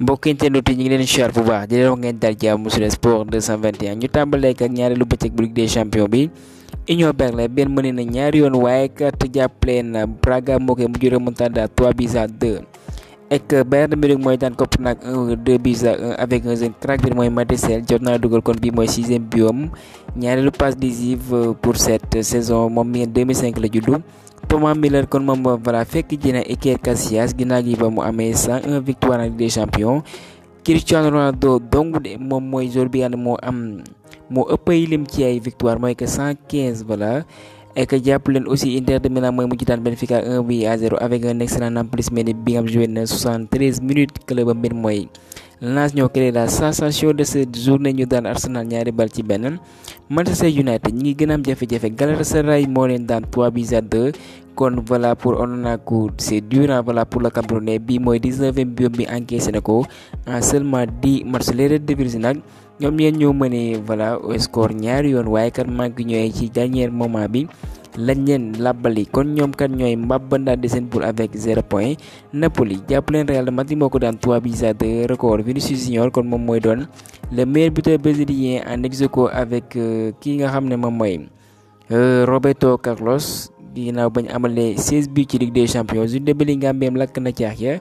mbokk internet yi ñu ngi leen di bu baax di leen wax ngeen dal sport ñu tàmbalee ak ñaareelu bëccëg bu Ligue des champions bi Union Berlin benn mënee na ñaari yoon waaye kat jàppale na Braga moo koy mujj remontada 3 buts à 2 ak Bayern Munich mooy daan Copenhague 1 2 buts à 1 avec un jeune crack bi mooy Mathys Sell jot naa dugal kon bi mooy sixième biom ñaareelu passe décisive pour cette saison moom mi 2005 la juddu. Thomas Miller kon moom voilà fekk ji na Iker Casillas ginnaaw gi ba mu amee 101 victoire en Ligue des champions Cristiano Ronaldo dong de moom mooy joueur bi nga moo am moo ëpp ay lim ci ay victoire mooy que 115 voilà. et que jàpp leen aussi Inter de Milan mooy mujj daan Benfica 1 but a 0 avec un excellent Nampalys Mendy bi nga xam joué na 73 minutes club mbir mooy. Lens ñoo créé la sensation de cette journée ñu daan Arsenal ñaari bal ci benn Manchester United ñi ngi gën a am jafe-jafe Galatasaray moo leen daan 3 buts à 2 kon voilà pour Onaku c'est durant voilà pour le Camerounais bi mooy 19e but bi encaissé na ko en seulement 10 matchs les Red Devils nag ñoom ñeen ñoo mënee voilà au ñaari yoon waaye kat manque ñooy ci dernier moment bi. lañ leen làbbali kon ñoom kat ñooy mbàbbandaande sen poule avec 0 point Napoli jàpp leen Real Madrid moo ko daan 3 buts à 2 record Vinicius Junior kon moom mooy doon le meilleur buteur brésilien en ex-aequo avec euh, ki nga xam ne moom mooy euh, Roberto Carlos ginnaaw bañ amalee 16 buts ci Ligue des Champions Jude Bellingham beem lakk na caax ya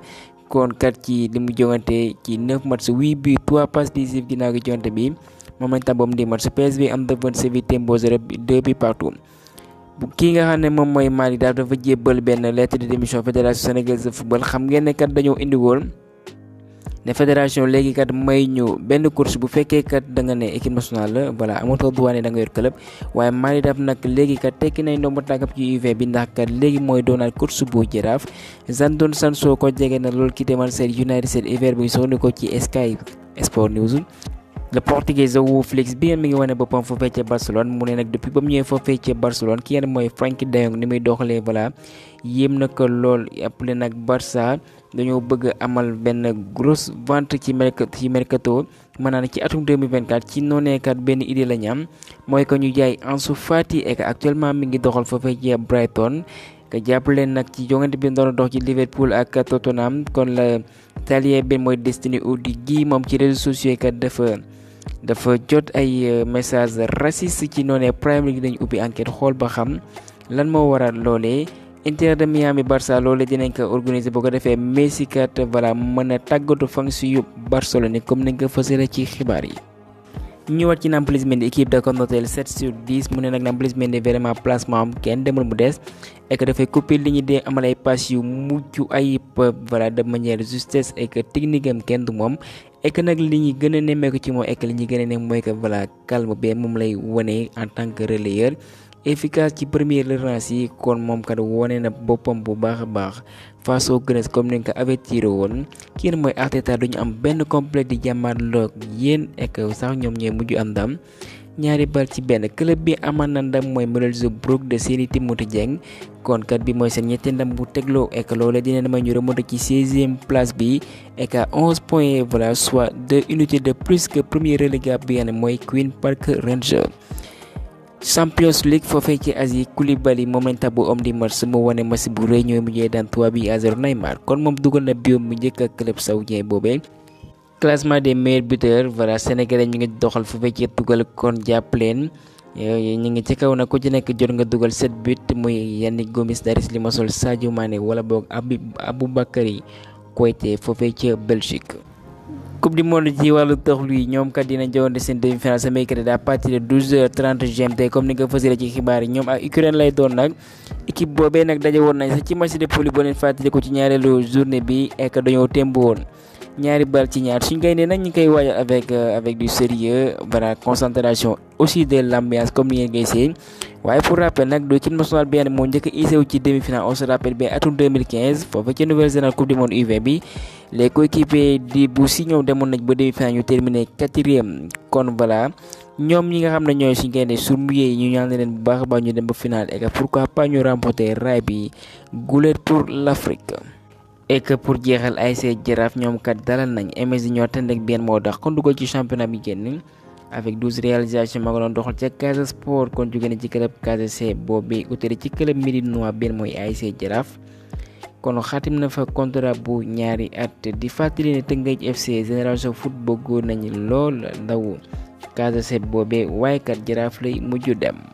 kon kat ci li mu jogante ci 9 matchs 8 buts 3 passes décisives gi jogante bi moom lañ tàmboom di match PSV am devant Séville tembo 0 kii nga xam ne moom mooy Malick Daaf dafa jébbal benn lettre de démission fédération sénégalaise de football xam ngeen ne kat dañoo indiwoon ne fédération léegi kat may ñu benn course bu fekkee kat da nga ne équipe nationale la voilà amatoo droit ne da nga yor club waaye Malick Daaf nag léegi kat tekki nañ ndomba tànkam ci UV bi ndax kat léegi mooy doonaat course bu jaraaf Jadon soo ko jege na loolu ki demal seen United seen hiver bi soxna ko ci Sky Sport News le portugais wu Félix bi mi ngi wane boppam foofee ca Barcelone mu ne nag depuis ba mu ñëwee foofee ca Barcelone ki ngeen mooy Frenkie de Jong ni muy doxalee voilà yéem na ko lool appelé nag Barça dañoo bëgg amal benn grosse vente ci mercato ci mercato maanaam ci atum 2024 ci nooneekat benn idée la ñu mooy que ñu jaay Ansu Fati et que actuellement mi ngi doxal foofee ca Brighton. jàpp leen nag ci jongante bi doon dox ci Liverpool ak Tottenham kon la talier bi mooy Destiny Udogie moom ci réseaux sociaux kat dafa jot ay euh, message raciste ci noonee Premier League dañu ubbi enquête xool ba xam lan moo waral loolee Inter de Miami Barça loolee dinañ ko organiser boo ko defee Messi kat voilà mën a tàggatu fans yu Barcelone comme nañ ko fësale ci xibaar yi. ñëwaat ci Nampalys Mendy équipe da ko noté 7 sur 10 mu ne nag Nampalys Mendy vraiment placement am kenn demul mu des et que dafay couper li ñu dee amal ay pass yu mucc ayib voilà de manière justesse et que technique am kenn du moom. et que nag li ñuy gën a nemmeeku ci moom et que li ñuy gën ne mooy que voilà calme bee moom lay wane en tant que relayeur efficace ci première relance yi kon moom kat wane na boppam bu baax a baax face au Gunners comme ni nga ko avertir woon kiin mooy Arteta duñu am benn complet di jàmmaarloo ak yéen et que sax ñoom ñooy mujj am ndam. ñaari bal ci benn club bi amal na ndam mooy brook de Seny Timothée Dieng kon kat bi mooy seen ñetti ndam bu tegloo ek loolee dina na ñu remonté ci 16e place bi ek à 11 points voilà soit deux unités de plus que premier relégable bi nga ne mooy Queen Park ranger Champions League fofé ci Asie Koulibaly mom lañ tabbu homme mars mo woné ma ci bu rëy mu mujjee dan 3 bi à 0 Neymar kon mom dugal na biom mu njëkk ak club saoudien bobé classement des maire buteurs voilà sénégalais ñu ngi doxal fu fekkee dugal kon jàpp ñu ngi ci kaw nag ko ci nekk jot nga dugal set but muy yenn Gomis Daris Limassol Sadio Mané wala boog Abi Aboubakary Koité foofee ca Belgique. coupe du monde ci wàllu tëxlu yi ñoom kat dina jowante seen demi-finale ce mercredi à partir de 12h30 GMT comme ni nga ko fësale ci xibaar lay doon nag équipe boobee nag woon nañ sax ci match de poule boo leen fàttali ko ci ñaareelu journée bi ek dañoo temb woon. ñaari bal ci ñaar suñ gaynde nak ñi koy waajal avec euh, avec du sérieux voilà concentration aussi de l'ambiance comme ni ngeen seen waaye pour rappel nag do équipe nationale bien moo njëkk isew ci demi finale on se rappelle bien atum 2015 foofu ci Nouvelle-Zélande coupe du monde U20 bi les coéquipiers di bu si ñoom demoon nañ ba demi finale ñu terminé quatrième kon voilà ñoom ñi nga xam ne ñooy suñ gaynde surmuyee ñu ñaan leen bu baax a baax ñu dem ba finale et pourquoi pas ñu remporter raay bi gulet pour l'Afrique et que pour jeexal ASC Jaraaf ñoom kat dalal nañ MS ñoo tënd ak moo tax kon dugal ci championnat bi génn avec 12 réalisations ma nga doon doxal ca Casa Sport kon jóge na ci club Casa C boobee utali ci club Médinois benn mooy ASC Jaraaf. kon xaatim na fa contrat bu ñaari at di fàttali ne Tëngéej FC Génération Foot bëggoon nañu lool ndaw Casa C boobee waaye Jaraaf lay mujj dem.